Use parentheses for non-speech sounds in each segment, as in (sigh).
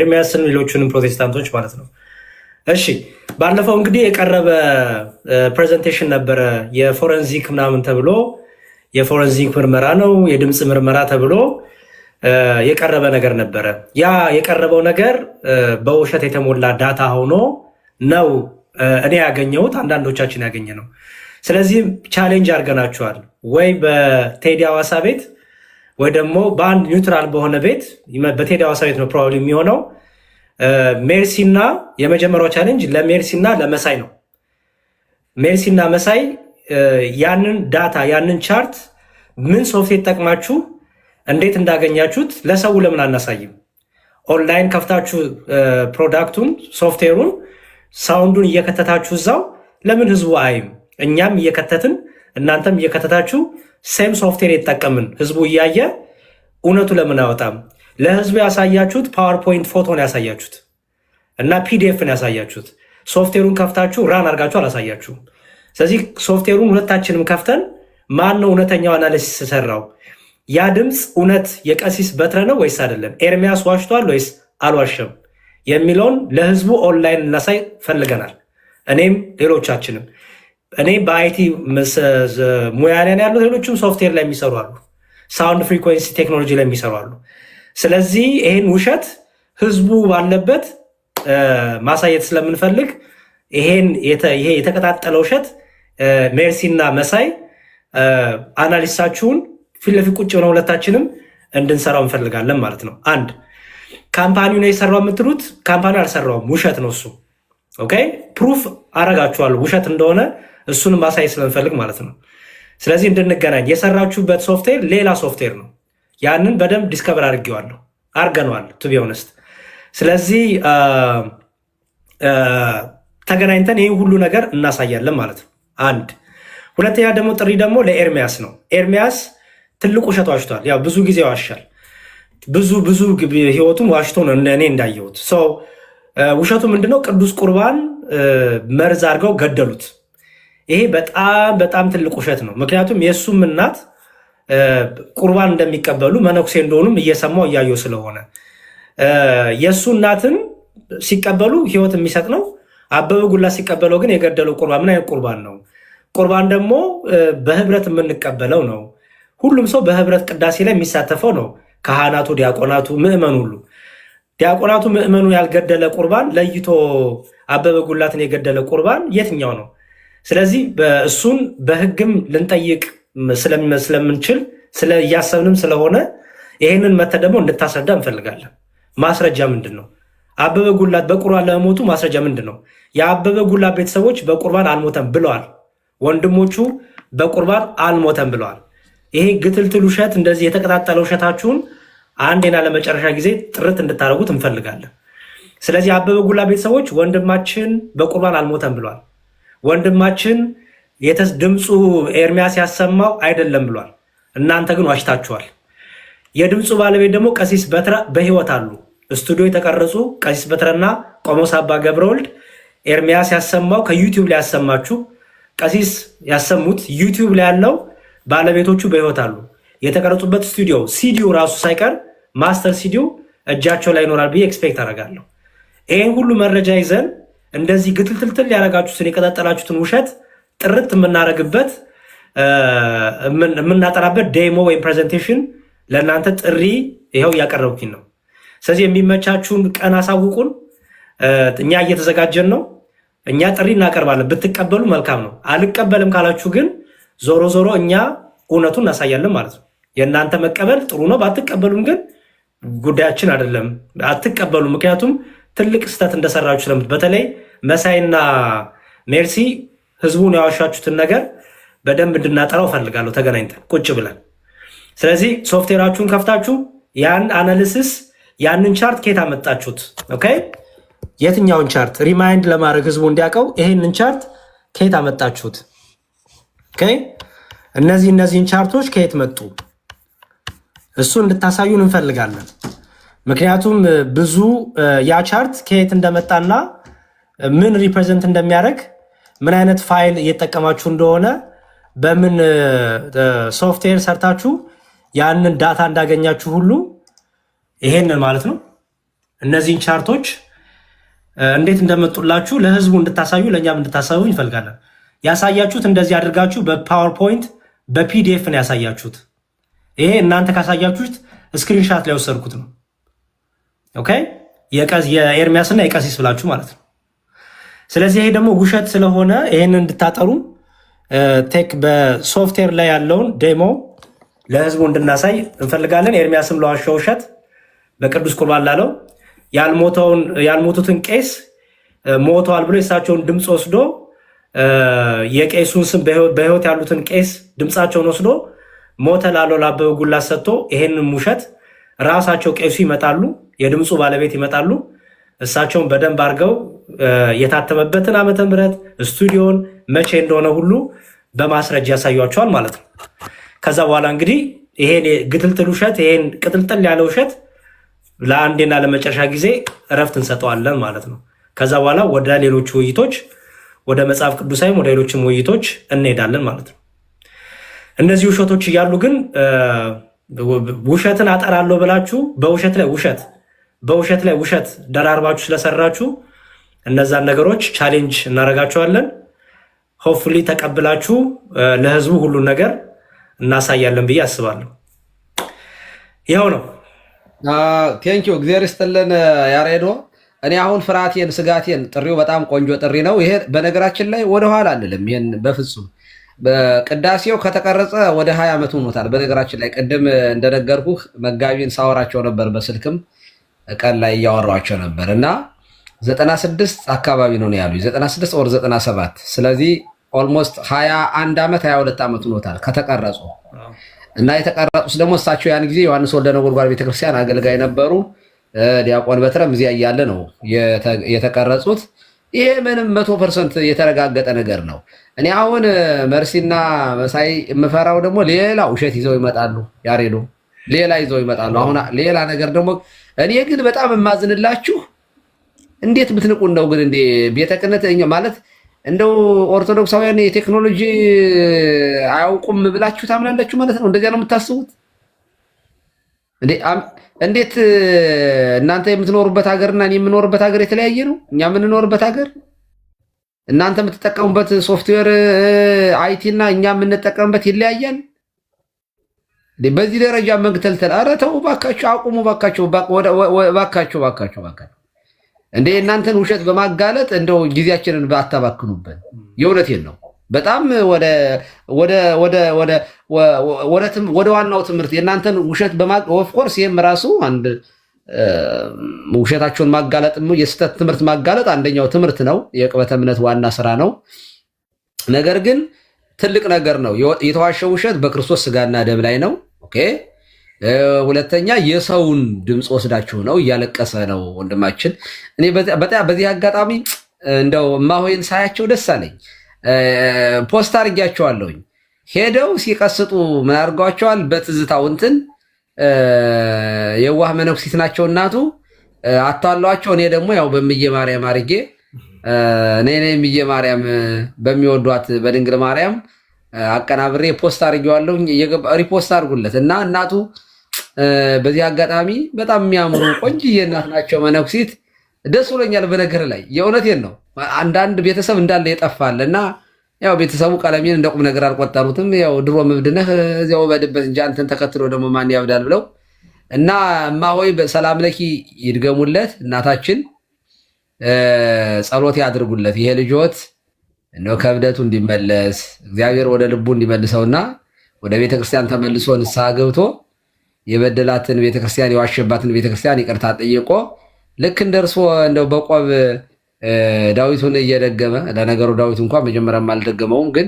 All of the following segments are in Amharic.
ኤርሚያስን ሌሎቹንም ፕሮቴስታንቶች ማለት ነው። እሺ ባለፈው እንግዲህ የቀረበ ፕሬዘንቴሽን ነበረ። የፎረንዚክ ምናምን ተብሎ የፎረንዚክ ምርመራ ነው የድምፅ ምርመራ ተብሎ የቀረበ ነገር ነበረ። ያ የቀረበው ነገር በውሸት የተሞላ ዳታ ሆኖ ነው እኔ ያገኘሁት፣ አንዳንዶቻችን ያገኘ ነው። ስለዚህ ቻሌንጅ አድርገናችኋል ወይ በቴዲ አዋሳ ቤት ወይ ደግሞ በአንድ ኒውትራል በሆነ ቤት በቴዲ ሐዋሳ ቤት ነው ፕሮባብሊ የሚሆነው። ሜርሲና የመጀመሪያው ቻሌንጅ ለሜርሲና ለመሳይ ነው። ሜርሲና መሳይ ያንን ዳታ ያንን ቻርት ምን ሶፍትዌር ጠቅማችሁ እንዴት እንዳገኛችሁት ለሰው ለምን አናሳይም? ኦንላይን ከፍታችሁ ፕሮዳክቱን ሶፍትዌሩን ሳውንዱን እየከተታችሁ እዛው ለምን ህዝቡ አይም? እኛም እየከተትን እናንተም እየከተታችሁ ሴም ሶፍትዌር የጠቀምን ህዝቡ እያየ እውነቱ ለምን አወጣም? ለህዝቡ ያሳያችሁት ፓወርፖይንት ፎቶን ያሳያችሁት እና ፒዲኤፍን ያሳያችሁት ሶፍትዌሩን ከፍታችሁ ራን አድርጋችሁ አላሳያችሁም። ስለዚህ ሶፍትዌሩን ሁለታችንም ከፍተን ማን ነው እውነተኛው አናሊሲስ ሰራው? ያ ድምፅ እውነት የቀሲስ በትረ ነው ወይስ አይደለም? ኤርሚያስ ዋሽቷል ወይስ አልዋሸም የሚለውን ለህዝቡ ኦንላይን እናሳይ ፈልገናል። እኔም ሌሎቻችንም እኔ በአይቲ ሙያ ላይ ያሉት ሌሎችም ሶፍትዌር ላይ የሚሰሩ አሉ። ሳውንድ ፍሪኮንሲ ቴክኖሎጂ ላይ የሚሰሩ አሉ። ስለዚህ ይሄን ውሸት ህዝቡ ባለበት ማሳየት ስለምንፈልግ ይሄን ይሄ የተቀጣጠለ ውሸት ሜርሲና መሳይ አናሊስታችሁን ፊት ለፊት ቁጭ ብለን ሁለታችንም እንድንሰራው እንፈልጋለን ማለት ነው። አንድ ካምፓኒው ነው የሰራው የምትሉት ካምፓኒው አልሰራውም፣ ውሸት ነው እሱ። ኦኬ ፕሩፍ አረጋችኋለሁ ውሸት እንደሆነ እሱንም ማሳየት ስለምፈልግ ማለት ነው። ስለዚህ እንድንገናኝ የሰራችሁበት ሶፍትዌር ሌላ ሶፍትዌር ነው። ያንን በደንብ ዲስከቨር አድርጌዋለሁ አርገነዋል ቱ ስለዚህ ተገናኝተን ይህ ሁሉ ነገር እናሳያለን ማለት ነው። አንድ ሁለተኛ ደግሞ ጥሪ ደግሞ ለኤርሚያስ ነው። ኤርሚያስ ትልቁ ውሸት ዋሽቷል። ያው ብዙ ጊዜ ዋሻል። ብዙ ብዙ ህይወቱም ዋሽቶ ነው እኔ እንዳየሁት። ሰው ውሸቱ ምንድነው? ቅዱስ ቁርባን መርዝ አድርገው ገደሉት። ይሄ በጣም በጣም ትልቅ ውሸት ነው። ምክንያቱም የእሱም እናት ቁርባን እንደሚቀበሉ መነኩሴ እንደሆኑም እየሰማው እያየው ስለሆነ የእሱ እናትን ሲቀበሉ ህይወት የሚሰጥ ነው። አበበ ጉላ ሲቀበለው ግን የገደለው ቁርባን ምን አይነት ቁርባን ነው? ቁርባን ደግሞ በህብረት የምንቀበለው ነው። ሁሉም ሰው በህብረት ቅዳሴ ላይ የሚሳተፈው ነው። ካህናቱ፣ ዲያቆናቱ፣ ምእመኑ ሁሉ ዲያቆናቱ፣ ምእመኑ ያልገደለ ቁርባን ለይቶ አበበ ጉላትን የገደለ ቁርባን የትኛው ነው? ስለዚህ እሱን በህግም ልንጠይቅ ስለምንችል እያሰብንም ስለሆነ ይሄንን መተ ደግሞ እንድታስረዳ እንፈልጋለን። ማስረጃ ምንድን ነው? አበበ ጉላት በቁርባን ለመሞቱ ማስረጃ ምንድን ነው? የአበበ ጉላት ቤተሰቦች በቁርባን አልሞተም ብለዋል። ወንድሞቹ በቁርባን አልሞተም ብለዋል። ይሄ ግትልትል ውሸት፣ እንደዚህ የተቀጣጠለ ውሸታችሁን አንዴና ለመጨረሻ ጊዜ ጥርት እንድታደርጉት እንፈልጋለን። ስለዚህ የአበበ ጉላት ቤተሰቦች ወንድማችን በቁርባን አልሞተም ብለዋል። ወንድማችን ድምፁ ኤርሚያስ ያሰማው አይደለም ብሏል። እናንተ ግን ዋሽታችኋል። የድምፁ ባለቤት ደግሞ ቀሲስ በትራ በህይወት አሉ። ስቱዲዮ የተቀረጹ ቀሲስ በትረና ቆሞስ አባ ገብረወልድ ኤርሚያስ ያሰማው ከዩቲዩብ ላይ ያሰማችሁ ቀሲስ ያሰሙት ዩቲዩብ ላይ ያለው ባለቤቶቹ በህይወት አሉ። የተቀረጹበት ስቱዲዮ ሲዲው ራሱ ሳይቀር ማስተር ሲዲው እጃቸው ላይ ይኖራል ብዬ ኤክስፔክት አደርጋለሁ። ይህን ሁሉ መረጃ ይዘን እንደዚህ ግትልትልትል ያደረጋችሁትን የቀጣጠላችሁትን ውሸት ጥርት የምናደርግበት የምናጠራበት ዴሞ ወይም ፕሬዘንቴሽን ለእናንተ ጥሪ ይኸው እያቀረብኩኝ ነው። ስለዚህ የሚመቻችሁን ቀን አሳውቁን። እኛ እየተዘጋጀን ነው። እኛ ጥሪ እናቀርባለን። ብትቀበሉ መልካም ነው። አልቀበልም ካላችሁ ግን ዞሮ ዞሮ እኛ እውነቱን እናሳያለን ማለት ነው። የእናንተ መቀበል ጥሩ ነው። ባትቀበሉም ግን ጉዳያችን አይደለም። አትቀበሉ። ምክንያቱም ትልቅ ስህተት እንደሰራችሁ ስለምት በተለይ መሳይና ሜርሲ ህዝቡን ያዋሻችሁትን ነገር በደንብ እንድናጠራው ፈልጋለሁ ተገናኝተን ቁጭ ብለን። ስለዚህ ሶፍትዌራችሁን ከፍታችሁ ያን አናሊሲስ ያንን ቻርት ከየት አመጣችሁት? ኦኬ የትኛውን ቻርት ሪማይንድ ለማድረግ ህዝቡ እንዲያውቀው ይሄንን ቻርት ከየት አመጣችሁት? ኦኬ እነዚህ እነዚህን ቻርቶች ከየት መጡ? እሱ እንድታሳዩን እንፈልጋለን። ምክንያቱም ብዙ ያ ቻርት ከየት እንደመጣና ምን ሪፕሬዘንት እንደሚያደርግ ምን አይነት ፋይል እየተጠቀማችሁ እንደሆነ በምን ሶፍትዌር ሰርታችሁ ያንን ዳታ እንዳገኛችሁ ሁሉ ይሄንን ማለት ነው። እነዚህን ቻርቶች እንዴት እንደመጡላችሁ ለህዝቡ እንድታሳዩ ለእኛም እንድታሳዩ እንፈልጋለን። ያሳያችሁት እንደዚህ አድርጋችሁ በፓወርፖይንት በፒዲኤፍ ነው ያሳያችሁት። ይሄ እናንተ ካሳያችሁት ስክሪንሻት ላይ ወሰድኩት ነው። ኦኬ የኤርሚያስና የቀሲስ ብላችሁ ማለት ነው። ስለዚህ ይሄ ደግሞ ውሸት ስለሆነ ይህንን እንድታጠሩ ቴክ በሶፍትዌር ላይ ያለውን ዴሞ ለህዝቡ እንድናሳይ እንፈልጋለን። ኤርሚያስም ለዋሻው ውሸት በቅዱስ ቁርባን ላለው ያልሞቱትን ቄስ ሞተዋል ብሎ የእሳቸውን ድምፅ ወስዶ የቄሱን ስም በህይወት ያሉትን ቄስ ድምፃቸውን ወስዶ ሞተ ላለው ለአበበ ጉላት ሰጥቶ ይሄንን ውሸት ራሳቸው ቄሱ ይመጣሉ፣ የድምፁ ባለቤት ይመጣሉ እሳቸውን በደንብ አድርገው የታተመበትን ዓመተ ምህረት ስቱዲዮን መቼ እንደሆነ ሁሉ በማስረጃ ያሳዩቸዋል ማለት ነው። ከዛ በኋላ እንግዲህ ይሄን ግትልትል ውሸት ይሄን ቅጥልጥል ያለ ውሸት ለአንዴና ለመጨረሻ ጊዜ እረፍት እንሰጠዋለን ማለት ነው። ከዛ በኋላ ወደ ሌሎች ውይይቶች ወደ መጽሐፍ ቅዱሳዊም ወደ ሌሎችም ውይይቶች እንሄዳለን ማለት ነው። እነዚህ ውሸቶች እያሉ ግን ውሸትን አጠራለሁ ብላችሁ በውሸት ላይ ውሸት በውሸት ላይ ውሸት ደራርባችሁ ስለሰራችሁ እነዛን ነገሮች ቻሌንጅ እናደርጋቸዋለን። ሆፕፉሊ ተቀብላችሁ ለህዝቡ ሁሉን ነገር እናሳያለን ብዬ አስባለሁ። ይኸው ነው። ቴንኪዩ እግዚአብሔር ይስጥልን ያሬዶ። እኔ አሁን ፍርሃቴን ስጋቴን፣ ጥሪው በጣም ቆንጆ ጥሪ ነው። ይሄ በነገራችን ላይ ወደኋላ አልልም። ይሄን በፍጹም ቅዳሴው ከተቀረጸ ወደ ሀያ ዓመት ሆኖታል። በነገራችን ላይ ቅድም እንደነገርኩህ መጋቢን ሳወራቸው ነበር በስልክም ቀን ላይ እያወሯቸው ነበር እና 96 አካባቢ ነው ያሉ 96 ወር 97 ስለዚህ ኦልሞስት 21 ዓመት 22 ዓመት ሆኖታል ከተቀረጹ እና የተቀረጹት ደግሞ እሳቸው ያን ጊዜ ዮሐንስ ወልደ ነጎድጓድ ቤተክርስቲያን አገልጋይ ነበሩ። ዲያቆን በትረም እዚያ እያለ ነው የተቀረጹት። ይሄ ምንም መቶ ፐርሰንት የተረጋገጠ ነገር ነው። እኔ አሁን መርሲና መሳይ የምፈራው ደግሞ ሌላ ውሸት ይዘው ይመጣሉ ያሬዱ ሌላ ይዘው ይመጣሉ። አሁን ሌላ ነገር ደግሞ እኔ ግን በጣም የማዝንላችሁ እንዴት ብትንቁ እንደው ግን እንደ ቤተ ክህነት ማለት እንደው ኦርቶዶክሳውያን የቴክኖሎጂ አያውቁም ብላችሁ ታምናላችሁ ማለት ነው። እንደዚያ ነው የምታስቡት። እንዴት እናንተ የምትኖሩበት ሀገርና እኔ የምኖርበት ሀገር የተለያየ ነው። እኛ የምንኖርበት ሀገር እናንተ የምትጠቀሙበት ሶፍትዌር አይቲ እና እኛ የምንጠቀምበት ይለያያል። በዚህ ደረጃ መግተልተል፣ ኧረ ተው ባካቸው፣ አቁሙ፣ ባካቸው፣ ባካቸው፣ ባካቸው፣ እባካችሁ። እንደ እናንተን ውሸት በማጋለጥ እንደው ጊዜያችንን አታባክኑበት። የእውነቴን ነው። በጣም ወደ ዋናው ትምህርት የእናንተን ውሸት ኦፍኮርስ፣ ይህም ራሱ አንድ ውሸታቸውን ማጋለጥ የስህተት ትምህርት ማጋለጥ አንደኛው ትምህርት ነው። የቅበተ እምነት ዋና ስራ ነው። ነገር ግን ትልቅ ነገር ነው። የተዋሸው ውሸት በክርስቶስ ስጋና ደም ላይ ነው። ኦኬ። ሁለተኛ የሰውን ድምፅ ወስዳችሁ ነው፣ እያለቀሰ ነው ወንድማችን። እኔ በዚህ አጋጣሚ እንደው እማሆይን ሳያቸው ደስ አለኝ። ፖስት አድርጊያቸዋለሁኝ። ሄደው ሲቀስጡ ምን አድርገዋቸዋል? በትዝታው እንትን የዋህ መነኩሲት ናቸው እናቱ አታሏቸው። እኔ ደግሞ ያው በምዬ ማርያም አድርጌ እኔ እኔ ምዬ ማርያም በሚወዷት በድንግል ማርያም አቀናብሬ ፖስት አድርጌዋለሁ። ሪፖስት አድርጉለት እና እናቱ በዚህ አጋጣሚ በጣም የሚያምሩ ቆንጅዬ እናት ናቸው መነኩሲት። ደስ ብሎኛል። በነገር ላይ የእውነቴን ነው። አንዳንድ ቤተሰብ እንዳለ የጠፋል እና ያው ቤተሰቡ ቀለሜን እንደ ቁም ነገር አልቆጠሩትም። ያው ድሮ እብድነህ እዚያው በድበት እንጂ አንተን ተከትሎ ደግሞ ማን ያብዳል ብለው እና እማሆይ በሰላም ለኪ ይድገሙለት። እናታችን ጸሎት ያድርጉለት። ይሄ ልጆት እንደው ከእብደቱ እንዲመለስ እግዚአብሔር ወደ ልቡ እንዲመልሰውና ወደ ቤተክርስቲያን ተመልሶ ንስሐ ገብቶ የበደላትን ቤተክርስቲያን የዋሸባትን ቤተክርስቲያን ይቅርታ ጠይቆ ልክ እንደርሶ እንደው በቆብ ዳዊቱን እየደገመ ለነገሩ ዳዊት እንኳን መጀመሪያም አልደገመውም፣ ግን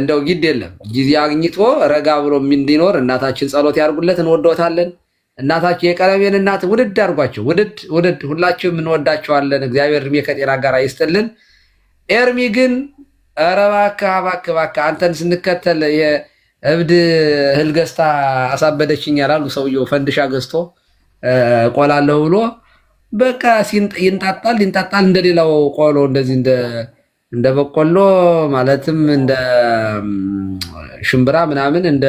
እንደው ግድ የለም ጊዜ አግኝቶ ረጋ ብሎ እንዲኖር እናታችን ጸሎት ያድርጉለት። እንወደታለን። እናታችን የቀለሜን እናት ውድድ አድርጓቸው፣ ውድድ ውድድ፣ ሁላችሁም እንወዳቸዋለን። እግዚአብሔር እድሜ ከጤና ጋር ይስጥልን። ኤርሚ ግን ኧረ እባክህ እባክህ እባክህ አንተን ስንከተል የእብድ እህል ገዝታ አሳበደችኝ ያላሉ ሰውየው ፈንድሻ ገዝቶ ቆላለሁ ብሎ በቃ ይንጣጣል ይንጣጣል። እንደሌላው ቆሎ እንደዚህ እንደ በቆሎ ማለትም እንደ ሽምብራ ምናምን እንደ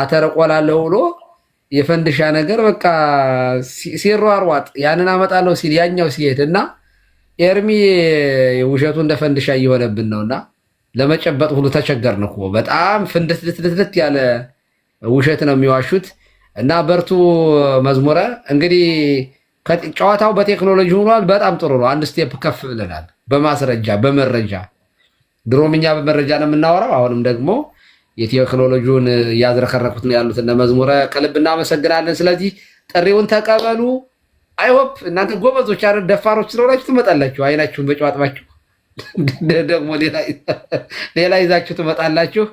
አተር ቆላለሁ ብሎ የፈንድሻ ነገር በቃ ሲሯሯጥ ያንን አመጣለሁ ሲል ያኛው ሲሄድ እና ኤርሚ ውሸቱ እንደ ፈንድሻ እየሆነብን ነውና ለመጨበጥ ሁሉ ተቸገርን እኮ። በጣም ፍንድት ልትልትልት ያለ ውሸት ነው የሚዋሹት። እና በርቱ መዝሙረ። እንግዲህ ጨዋታው በቴክኖሎጂ ሆኗል። በጣም ጥሩ ነው። አንድ ስቴፕ ከፍ ብለናል። በማስረጃ በመረጃ ድሮም እኛ በመረጃ ነው የምናወራው። አሁንም ደግሞ የቴክኖሎጂውን እያዝረከረኩት ነው ያሉት እነ መዝሙረ ከልብ እናመሰግናለን። ስለዚህ ጥሪውን ተቀበሉ። አይሆፕ እናንተ ጎበዞች አረ ደፋሮች ስለሆናችሁ ትመጣላችሁ። አይናችሁን በጨዋጥባችሁ (laughs) ደግሞ ሌላ ይዛችሁ ትመጣላችሁ።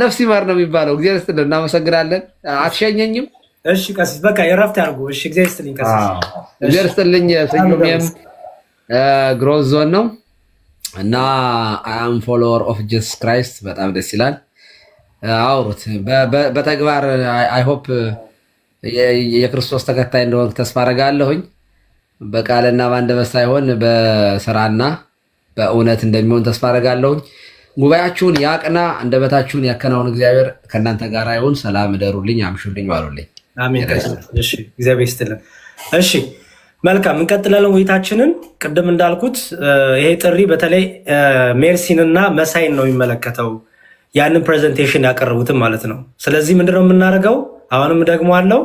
ነፍስ ይማር ነው የሚባለው። እግዚአብሔር ይስጥልን። እናመሰግናለን። አትሸኘኝም? እሺ ቀሲስ በቃ የረፍት ያርጉ። እሺ እግዚአብሔር ይስጥልኝ ቀሲስ። እግዚአብሔር ይስጥልኝ። ግሮዝ ዞን ነው እና አም ፎሎወር ኦፍ ጂስ ክራይስት በጣም ደስ ይላል። አውሩት በተግባር አይሆፕ የክርስቶስ ተከታይ እንደሆንክ ተስፋ አረጋለሁኝ። በቃልና በአንደበት ሳይሆን በስራና በእውነት እንደሚሆን ተስፋ አረጋለሁኝ። ጉባኤያችሁን ያቅና፣ አንደበታችሁን ያከናውን። እግዚአብሔር ከእናንተ ጋር ይሁን። ሰላም እደሩልኝ፣ አምሹልኝ፣ ዋሉልኝ። እግዚአብሔር ይስጥልን። እሺ፣ መልካም እንቀጥላለን ውይይታችንን። ቅድም እንዳልኩት ይሄ ጥሪ በተለይ ሜርሲንና መሳይን ነው የሚመለከተው፣ ያንን ፕሬዘንቴሽን ያቀረቡትን ማለት ነው። ስለዚህ ምንድነው የምናደርገው? አሁንም ደግሞ አለው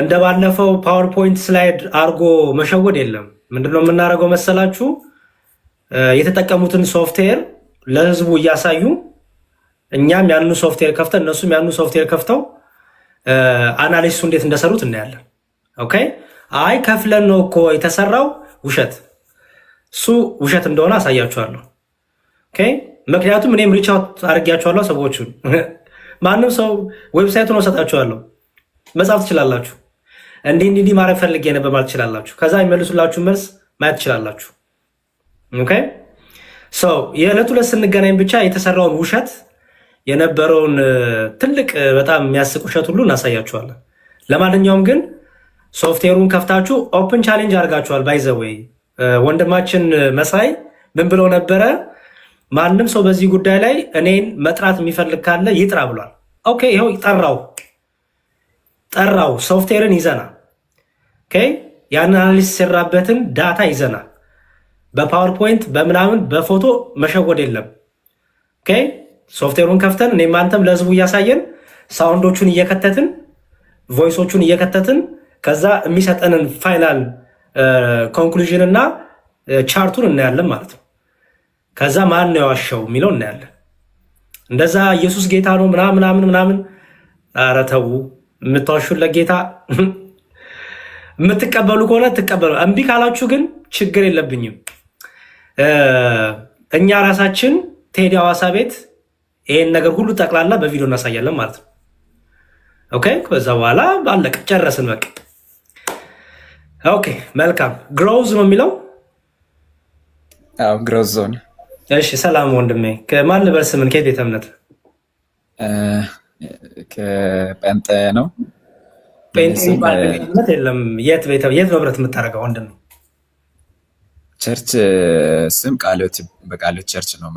እንደ ባለፈው ፓወርፖይንት ስላይድ አርጎ መሸወድ የለም። ምንድነው የምናደርገው መሰላችሁ? የተጠቀሙትን ሶፍትዌር ለህዝቡ እያሳዩ እኛም ያንኑ ሶፍትዌር ከፍተን እነሱም ያንኑ ሶፍትዌር ከፍተው አናሊሲሱ እንዴት እንደሰሩት እናያለን። ኦኬ አይ ከፍለን ነው እኮ የተሰራው ውሸት፣ እሱ ውሸት እንደሆነ አሳያችኋለሁ። ኦኬ ምክንያቱም እኔም ሪቻውት አድርጊያችኋለሁ ሰዎቹን (laughs) ማንም ሰው ዌብሳይቱን እሰጣችኋለሁ፣ መጻፍ ትችላላችሁ፣ እንዲህ እንዲህ እንዲህ ማረግ ፈልጌ ነበር ማለት ትችላላችሁ። ከዛ የሚመልሱላችሁ መልስ ማየት ትችላላችሁ። ኦኬ ሰው የዕለት ሁለት ስንገናኝ ብቻ የተሰራውን ውሸት የነበረውን ትልቅ በጣም የሚያስቅ ውሸት ሁሉ እናሳያችኋለን። ለማንኛውም ግን ሶፍትዌሩን ከፍታችሁ ኦፕን ቻሌንጅ አድርጋችኋል። ባይዘወይ ወንድማችን መሳይ ምን ብለው ነበረ? ማንም ሰው በዚህ ጉዳይ ላይ እኔን መጥራት የሚፈልግ ካለ ይጥራ ብሏል። ኦኬ ይኸው ጠራው ጠራው። ሶፍትዌርን ይዘና ያን አናሊስ ሲራበትን ዳታ ይዘና በፓወርፖይንት በምናምን በፎቶ መሸወድ የለም። ሶፍትዌሩን ከፍተን እኔም አንተም ለህዝቡ እያሳየን ሳውንዶቹን እየከተትን ቮይሶቹን እየከተትን ከዛ የሚሰጠንን ፋይናል ኮንክሉዥን እና ቻርቱን እናያለን ማለት ነው። ከዛ ማን ነው የዋሻው የሚለው እናያለን። እንደዛ ኢየሱስ ጌታ ነው ምናምን ምናምን ምናምን፣ ኧረ ተው። የምታዋሹለት ጌታ (laughs) የምትቀበሉ ከሆነ ትቀበሉ፣ እምቢ ካላችሁ ግን ችግር የለብኝም። እኛ ራሳችን ቴዲ ሐዋሳ ቤት ይሄን ነገር ሁሉ ጠቅላላ በቪዲዮ እናሳያለን ማለት ነው። ኦኬ፣ ከዛ በኋላ አለቀ፣ ጨረስን በቃ። ኦኬ፣ መልካም ግሮዝ ነው የሚለው ግሮዝ ዞን እሺ ሰላም ወንድሜ፣ ከማን ልበል ስምን? ከየት ቤተ እምነት? ከጴንጤ ነው። ጴንጤ እምነት የለም። የት የምታደርገው ወንድሜ? ቸርች ስም በቃሊዮት ቸርች ነው።